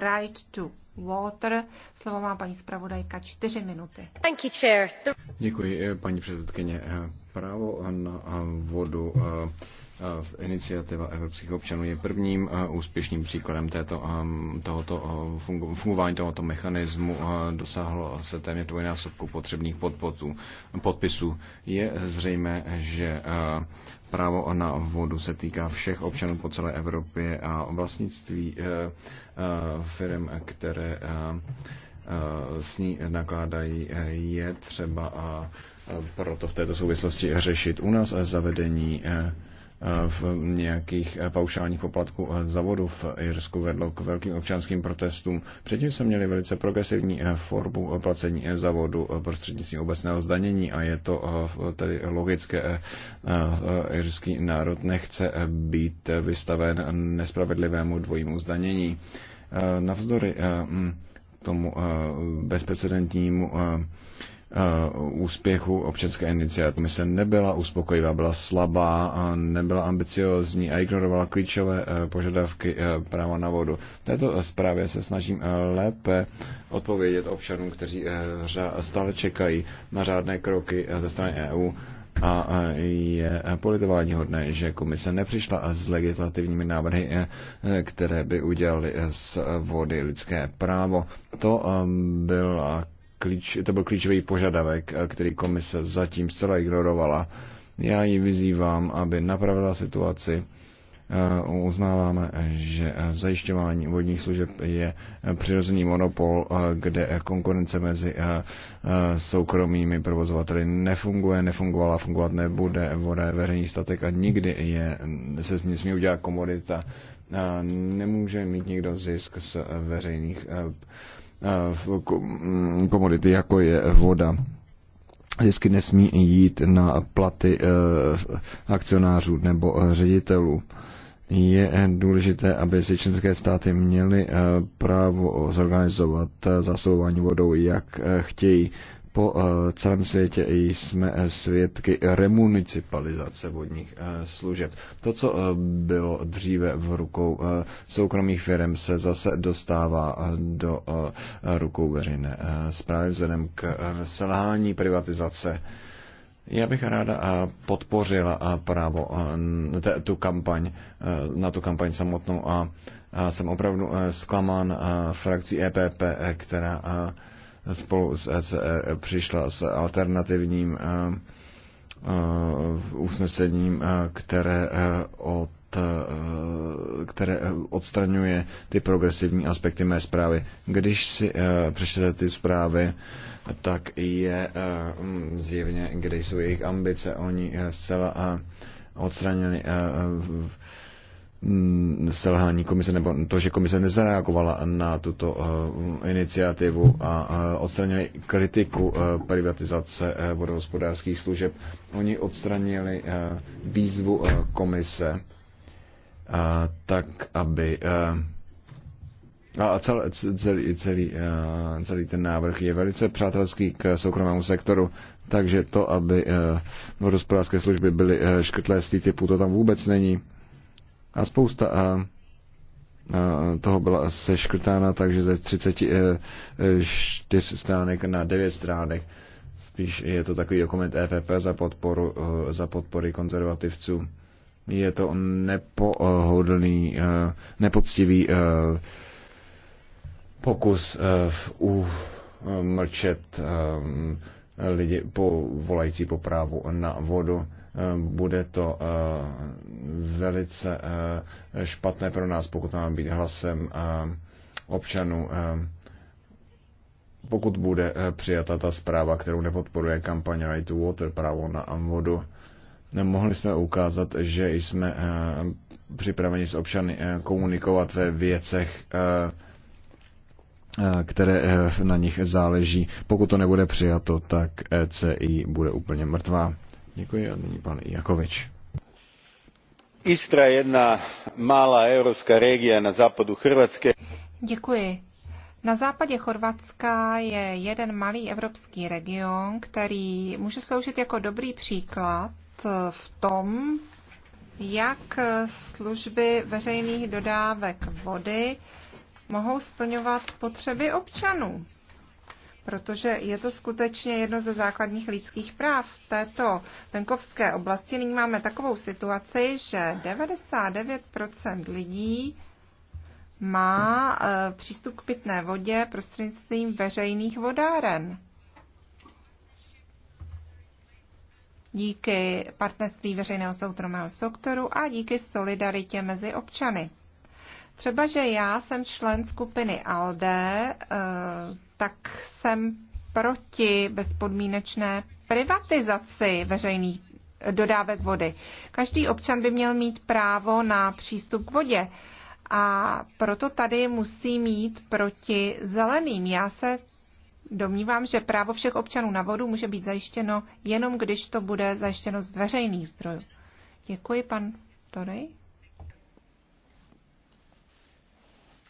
Right to Water. Slovo má paní zpravodajka čtyři minuty. Thank you, chair. The... Děkuji, eh, paní předsedkyně. Eh, právo na eh, vodu Uh... Iniciativa evropských občanů je prvním úspěšným příkladem této, tohoto fungování tohoto mechanismu. Dosáhlo se téměř dvojnásobku potřebných podpotů, podpisů. Je zřejmé, že právo na vodu se týká všech občanů po celé Evropě a vlastnictví e, e, firm, které e, s ní nakládají, je třeba a proto v této souvislosti řešit u nás zavedení Eh, v nějakých eh, paušálních poplatků eh, za vodu v Irsku vedlo k velkým občanským protestům. Předtím jsme měli velice progresivní formu placení za vodu prostřednictvím obecného zdanění a je to tedy logické. Irský národ nechce být vystaven nespravedlivému dvojímu zdanění. Navzdory tomu bezprecedentnímu Eh, úspěchu občanské iniciativy. Komise nebyla uspokojivá, byla slabá, a nebyla ambiciozní a ignorovala klíčové eh, požadavky eh, práva na vodu. V této zprávě se snažím lépe odpovědět občanům, kteří stále čekají na řádné kroky ze strany EU a je politování hodné, že komise nepřišla s legislativními návrhy, které by udělali z vody lidské právo. To byla klíč, to byl klíčový požadavek, eh, který komise zatím zcela ignorovala. Já ji vyzývám, aby napravila situaci. Eh, uznáváme, že eh, zajišťování vodních služeb je přirozený monopol, kde konkurence mezi soukromými provozovateli nefunguje, nefungovala, fungovat nebude, voda je veřejný statek a nikdy je, se nesmí udělat komodita. Nemůže mít nikdo zisk z veřejných Eh, mm, komodity, jako je voda. Vždycky nesmí jít na platy eh, akcionářů nebo eh, ředitelů. Je důležité, aby si členské státy měly právo zorganizovat zásobování vodou, jak chtějí po eh, celém světě jsme eh, svědky remunicipalizace vodních eh, služeb. To, co bylo dříve v rukou soukromých firm, se zase dostává do rukou veřejné zprávy vzhledem k selhání privatizace. Já bych ráda podpořila právo tu kampaň, na tu kampaň samotnou a jsem opravdu zklamán frakcí EPP, která spolu s s, e přišla s alternativním eh, eh, usnesením, eh, které od které odstraňuje ty progresivní aspekty mé zprávy. Když si přečtete ty zprávy, tak je mm, zjevně, kde jsou jejich ambice. Oni zcela odstranili Mm, selhání komise nebo to, že komise nezareagovala na tuto eh, iniciativu a eh, odstranili kritiku eh, privatizace vodohospodářských služeb. Oni odstranili výzvu komise tak, aby a celý, celý, celý, celý ten návrh je velice přátelský k soukromému sektoru, takže to, aby vodohospodářské služby byly škrtlé z typu, to tam vůbec není. A spousta a, toho byla seškrtána, takže ze 34 e, e, stránek na 9 stránek. Spíš je to takový dokument EPP za, podporu, e, za podpory konzervativců. Je to nepohodlný, nepoctivý pokus umlčet lidi po, volající po právu na vodu. Bude to velice eh, špatné pro nás, pokud máme být hlasem eh, občanů eh, pokud bude přijata ta zpráva, kterou nepodporuje kampaň Right to Water, právo na vodu, mohli jsme ukázat, že jsme připraveni s občany komunikovat ve věcech, které na nich záleží. Pokud to nebude přijato, tak ECI bude úplně mrtvá. Děkuji a nyní pan Jakovič istra je jedna regija na hrvatske. Na západě Chorvatska je jeden malý evropský region, který může sloužit jako dobrý příklad v tom, jak služby veřejných dodávek vody mohou splňovat potřeby občanů protože je to skutečně jedno ze základních lidských práv v této venkovské oblasti. Nyní máme takovou situaci, že 99% lidí má e, přístup k pitné vodě prostřednictvím veřejných vodáren. Díky partnerství veřejného soukromého sektoru a díky solidaritě mezi občany. Třeba, že já jsem člen skupiny ALDE, e, tak jsem proti bezpodmínečné privatizaci veřejných dodávek vody. Každý občan by měl mít právo na přístup k vodě. A proto tady musí mít proti zeleným. Já se domnívám, že právo všech občanů na vodu může být zajištěno jenom, když to bude zajištěno z veřejných zdrojů. Děkuji, pan Torej.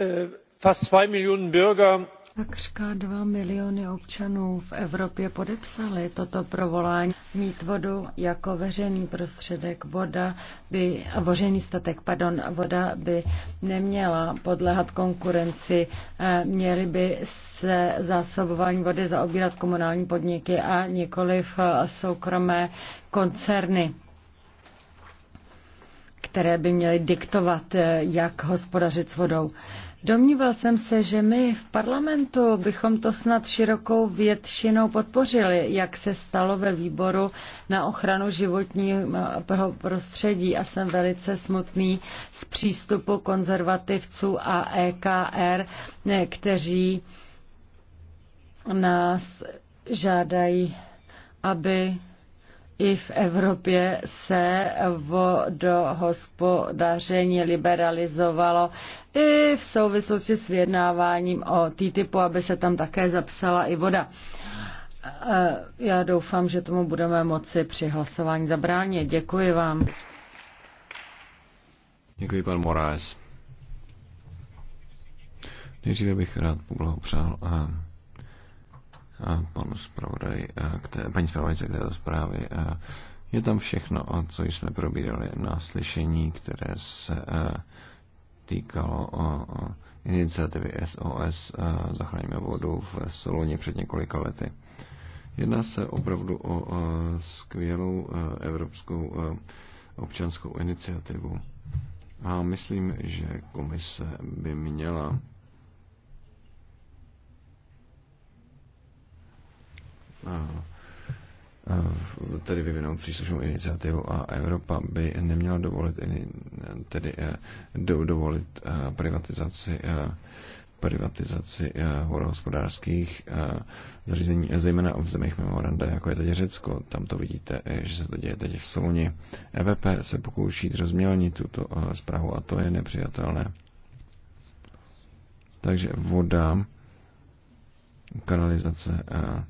Eh, fast 2 Millionen Bürger Takřka dva miliony občanů v Evropě podepsali toto provolání. Mít vodu jako veřejný prostředek, voda by, veřejný statek, pardon, voda by neměla podléhat konkurenci. Eh, měly by se zásobování vody zaobírat komunální podniky a nikoliv eh, soukromé koncerny které by měly diktovat, eh, jak hospodařit s vodou. Domníval jsem se, že my v parlamentu bychom to snad širokou většinou podpořili, jak se stalo ve výboru na ochranu životního prostředí a jsem velice smutný z přístupu konzervativců a EKR, kteří nás žádají, aby i v Evropě se vodohospodaření liberalizovalo i v souvislosti s vyjednáváním o TTIPu, aby se tam také zapsala i voda. Eh, já doufám, že tomu budeme moci při hlasování zabránit. Děkuji vám. Děkuji, pan Moraes. Nejdříve bych rád poblahopřál a eh, panu zpravodaj, které, paní zpravodajce k této zprávy. Je tam všechno, co jsme probírali na slyšení, které se týkalo iniciativy SOS Zachraňme vodu v Soloně před několika lety. Jedná se opravdu o skvělou evropskou občanskou iniciativu. A myslím, že komise by měla tedy vyvinout příslušnou iniciativu a Evropa by neměla dovolit, tedy eh, dovolit eh, privatizaci eh, privatizaci vodohospodářských zařízení, zejména v zemích memoranda, jako je teď Řecko. Tam to vidíte, že se to děje teď v Soluni. EVP se pokouší rozmělnit tuto zprávu a to je nepřijatelné. Takže voda, kanalizace a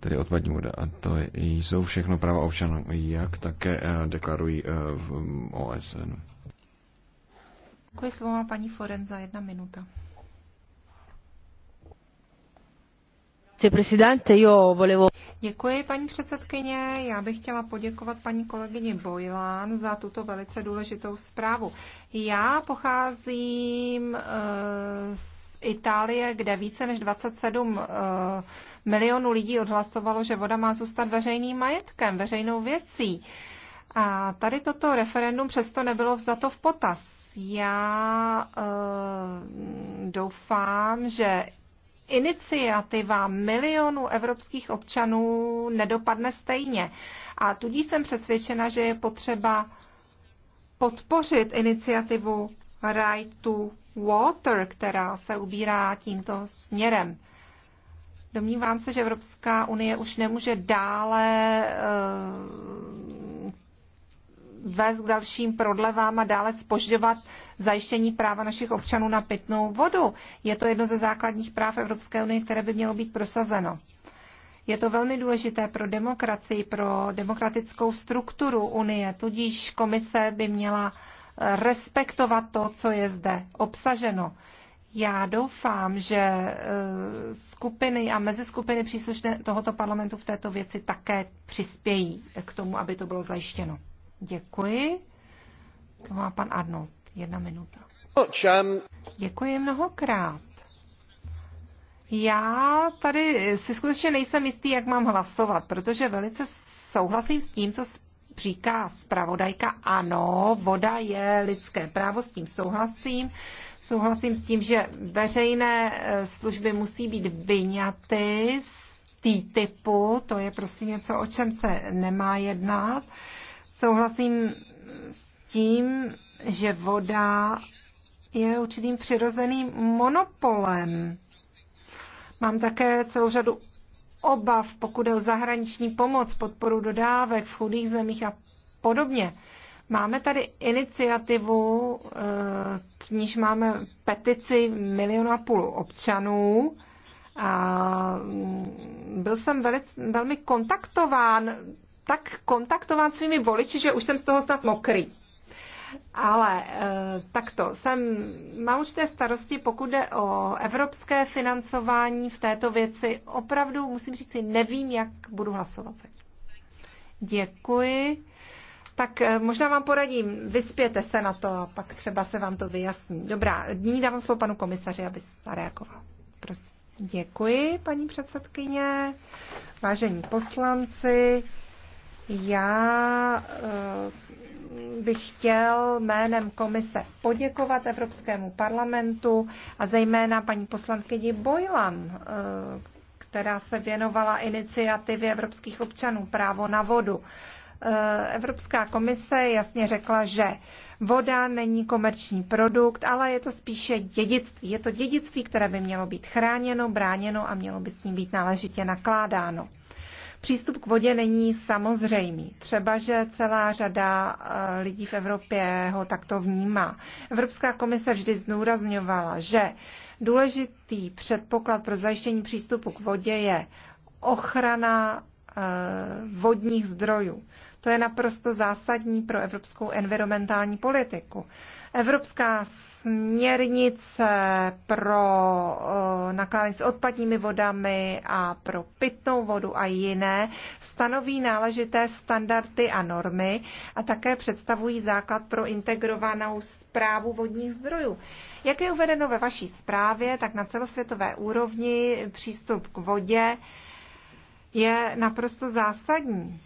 tedy odpadní voda. A to jsou všechno práva občanů, jak také eh, deklarují eh, v mm, OSN. Děkuji slovo má paní Foren za jedna minuta. Děkuji, paní předsedkyně. Já bych chtěla poděkovat paní kolegyni Bojlán za tuto velice důležitou zprávu. Já pocházím z eh, Itálie, kde více než 27 eh, milionů lidí odhlasovalo, že voda má zůstat veřejným majetkem, veřejnou věcí. A tady toto referendum přesto nebylo vzato v potaz. Já uh, doufám, že iniciativa milionů evropských občanů nedopadne stejně. A tudíž jsem přesvědčena, že je potřeba podpořit iniciativu Right to Water, která se ubírá tímto směrem. Domnívám se, že Evropská unie už nemůže dále eh, vést k dalším prodlevám a dále spožďovat zajištění práva našich občanů na pitnou vodu. Je to jedno ze základních práv Evropské unie, které by mělo být prosazeno. Je to velmi důležité pro demokracii, pro demokratickou strukturu Unie, tudíž komise by měla uh, respektovat to, co je zde obsaženo. Já doufám, že eh, skupiny a mezi skupiny příslušné tohoto parlamentu v této věci také přispějí k tomu, aby to bylo zajištěno. Děkuji. To má pan Arnold. Jedna minuta. Děkuji mnohokrát. Já tady si skutečně nejsem jistý, jak mám hlasovat, protože velice souhlasím s tím, co říká zpravodajka, ano, voda je lidské právo, s tím souhlasím. Souhlasím s tím, že veřejné eh, služby musí být vyňaty z tý typu to je prostě něco, o čem se nemá jednat. Souhlasím s tím, že voda je určitým přirozeným monopolem. Mám také celou řadu obav, pokud je o zahraniční pomoc, podporu dodávek v chudých zemích a podobně. Máme tady iniciativu, eh, k níž máme petici milionu a půl občanů. A mm, byl jsem velice, velmi kontaktován, tak kontaktován svými voliči, že už jsem z toho snad mokrý. Ale eh, takto, jsem, mám určité starosti, pokud jde o evropské financování v této věci. Opravdu, musím říct si, nevím, jak budu hlasovat teď. Děkuji. Tak eh, možná vám poradím, vyspěte se na to a pak třeba se vám to vyjasní. Dobrá, nyní dávám slovo panu komisaři, aby zareagoval. Prosím. Děkuji, paní předsedkyně. Vážení poslanci, já eh, bych chtěl jménem komise poděkovat Evropskému parlamentu a zejména paní poslankyni Bojlan, eh, která se věnovala iniciativě evropských občanů Právo na vodu. Eh, Evropská komise jasně řekla, že voda není komerční produkt, ale je to spíše dědictví. Je to dědictví, které by mělo být chráněno, bráněno a mělo by s ním být náležitě nakládáno. Přístup k vodě není samozřejmý. Třeba, že celá řada eh, lidí v Evropě ho takto vnímá. Evropská komise vždy zdůrazňovala, že důležitý předpoklad pro zajištění přístupu k vodě je ochrana eh, vodních zdrojů. To je naprosto zásadní pro evropskou environmentální politiku. Evropská směrnice pro eh, nakládání s odpadními vodami a pro pitnou vodu a jiné stanoví náležité standardy a normy a také představují základ pro integrovanou zprávu vodních zdrojů. Jak je uvedeno ve vaší zprávě, tak na celosvětové úrovni přístup k vodě je naprosto zásadní.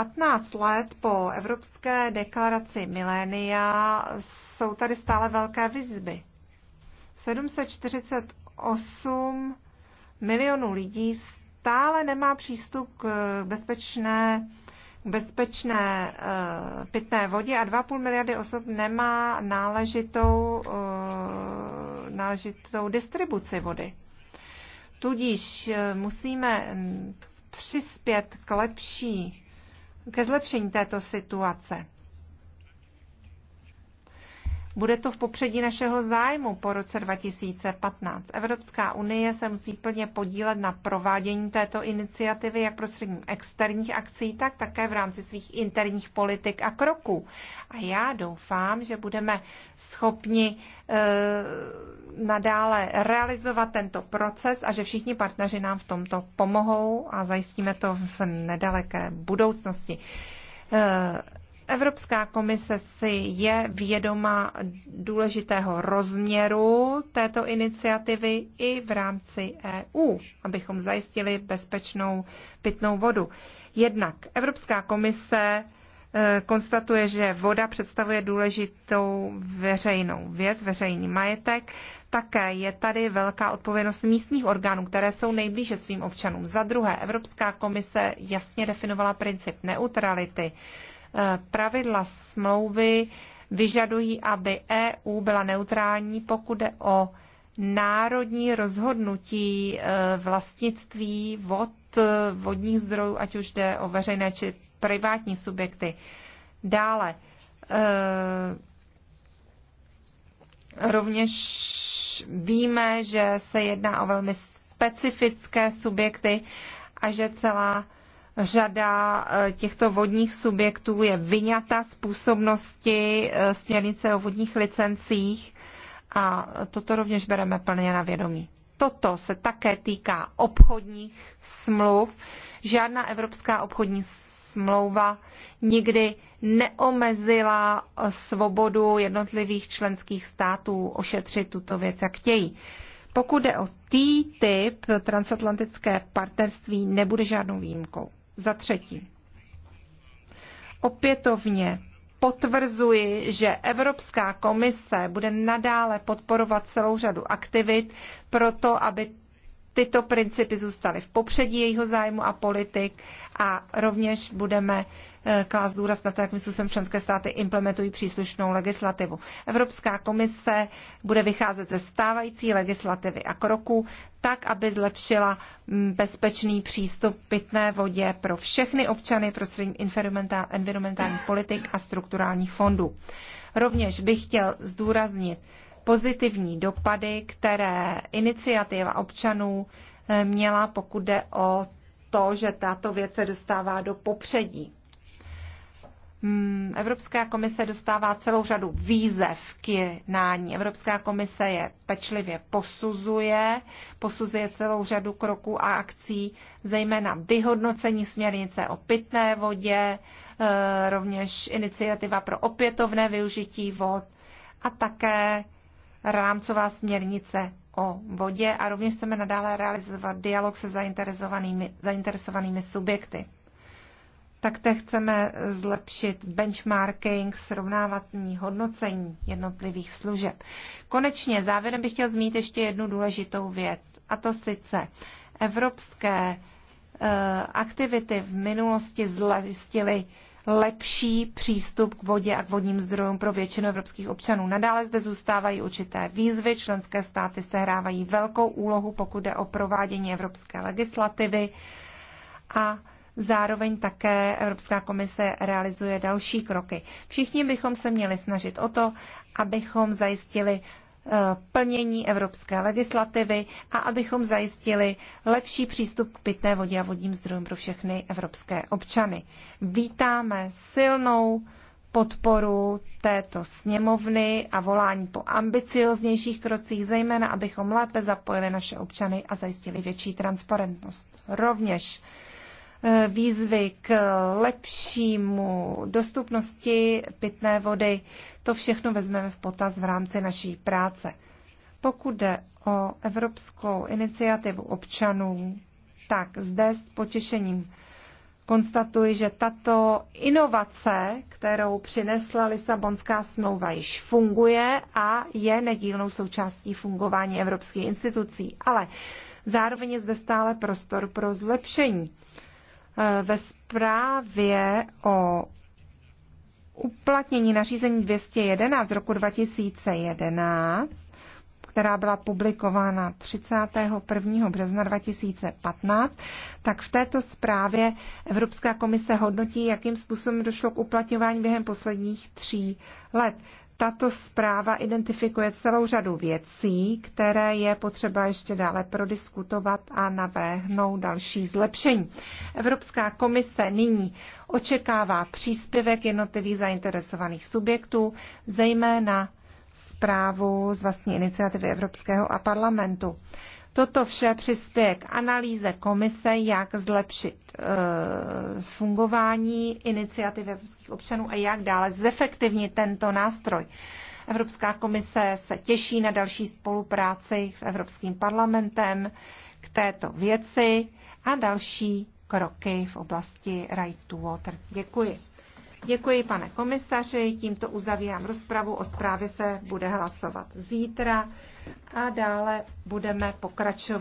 15 let po Evropské deklaraci milénia jsou tady stále velké výzvy. 748 milionů lidí stále nemá přístup k bezpečné, k bezpečné uh, pitné vodě a 2,5 miliardy osob nemá náležitou, uh, náležitou distribuci vody. Tudíž eh, musíme přispět k lepší ke zlepšení této situace. Bude to v popředí našeho zájmu po roce 2015. Evropská unie se musí plně podílet na provádění této iniciativy jak prostředním externích akcí, tak také v rámci svých interních politik a kroků. A já doufám, že budeme schopni e, nadále realizovat tento proces a že všichni partneři nám v tomto pomohou a zajistíme to v nedaleké budoucnosti. E, Evropská komise si je vědoma důležitého rozměru této iniciativy i v rámci EU, abychom zajistili bezpečnou pitnou vodu. Jednak Evropská komise eh, konstatuje, že voda představuje důležitou veřejnou věc, veřejný majetek. Také je tady velká odpovědnost místních orgánů, které jsou nejblíže svým občanům. Za druhé, Evropská komise jasně definovala princip neutrality. Eh, pravidla smlouvy vyžadují, aby EU byla neutrální, pokud jde o národní rozhodnutí eh, vlastnictví vod, eh, vodních zdrojů, ať už jde o veřejné či privátní subjekty. Dále, rovněž víme, že se jedná o velmi specifické subjekty a že celá Řada eh, těchto vodních subjektů je vyňata z působnosti eh, směrnice o vodních licencích a toto rovněž bereme plně na vědomí. Toto se také týká obchodních smluv. Žádná evropská obchodní smlouva nikdy neomezila svobodu jednotlivých členských států ošetřit tuto věc, jak chtějí. Pokud jde o typ transatlantické partnerství nebude žádnou výjimkou. Za třetí, opětovně potvrzuji, že Evropská komise bude nadále podporovat celou řadu aktivit pro to, aby tyto principy zůstaly v popředí jejího zájmu a politik a rovněž budeme eh, klást důraz na to, jakým způsobem členské státy implementují příslušnou legislativu. Evropská komise bude vycházet ze stávající legislativy a kroků tak, aby zlepšila mm, bezpečný přístup k pitné vodě pro všechny občany prostřednictvím environmentálních politik a strukturálních fondů. Rovněž bych chtěl zdůraznit, pozitivní dopady, které iniciativa občanů eh, měla, pokud jde o to, že tato věc se dostává do popředí. Hmm, Evropská komise dostává celou řadu výzev k jednání. Evropská komise je pečlivě posuzuje, posuzuje celou řadu kroků a akcí, zejména vyhodnocení směrnice o pitné vodě, eh, rovněž iniciativa pro opětovné využití vod a také rámcová směrnice o vodě a rovněž chceme nadále realizovat dialog se zainteresovanými, zainteresovanými subjekty. Takté chceme zlepšit benchmarking, srovnávatní hodnocení jednotlivých služeb. Konečně závěrem bych chtěl zmínit ještě jednu důležitou věc, a to sice evropské eh, aktivity v minulosti zlevstily lepší přístup k vodě a k vodním zdrojům pro většinu evropských občanů. Nadále zde zůstávají určité výzvy, členské státy sehrávají velkou úlohu, pokud jde o provádění evropské legislativy a Zároveň také Evropská komise realizuje další kroky. Všichni bychom se měli snažit o to, abychom zajistili Eh, plnění evropské legislativy a abychom zajistili lepší přístup k pitné vodě a vodním zdrojům pro všechny evropské občany. Vítáme silnou podporu této sněmovny a volání po ambicioznějších krocích, zejména abychom lépe zapojili naše občany a zajistili větší transparentnost. Rovněž výzvy k lepšímu dostupnosti pitné vody, to všechno vezmeme v potaz v rámci naší práce. Pokud jde o Evropskou iniciativu občanů, tak zde s potěšením konstatuji, že tato inovace, kterou přinesla Lisabonská smlouva, již funguje a je nedílnou součástí fungování evropských institucí. Ale zároveň je zde stále prostor pro zlepšení. Eh, ve zprávě o uplatnění nařízení 211 z roku 2011, která byla publikována 31. března 2015, tak v této zprávě Evropská komise hodnotí, jakým způsobem došlo k uplatňování během posledních tří let. Tato zpráva identifikuje celou řadu věcí, které je potřeba ještě dále prodiskutovat a navrhnout další zlepšení. Evropská komise nyní očekává příspěvek jednotlivých zainteresovaných subjektů, zejména zprávu z vlastní iniciativy Evropského a parlamentu. Toto vše přispěje k analýze komise, jak zlepšit e, fungování iniciativy evropských občanů a jak dále zefektivnit tento nástroj. Evropská komise se těší na další spolupráci s Evropským parlamentem k této věci a další kroky v oblasti Right to Water. Děkuji. Děkuji, pane komisaři. Tímto uzavírám rozpravu. O zprávě se bude hlasovat zítra a dále budeme pokračovat.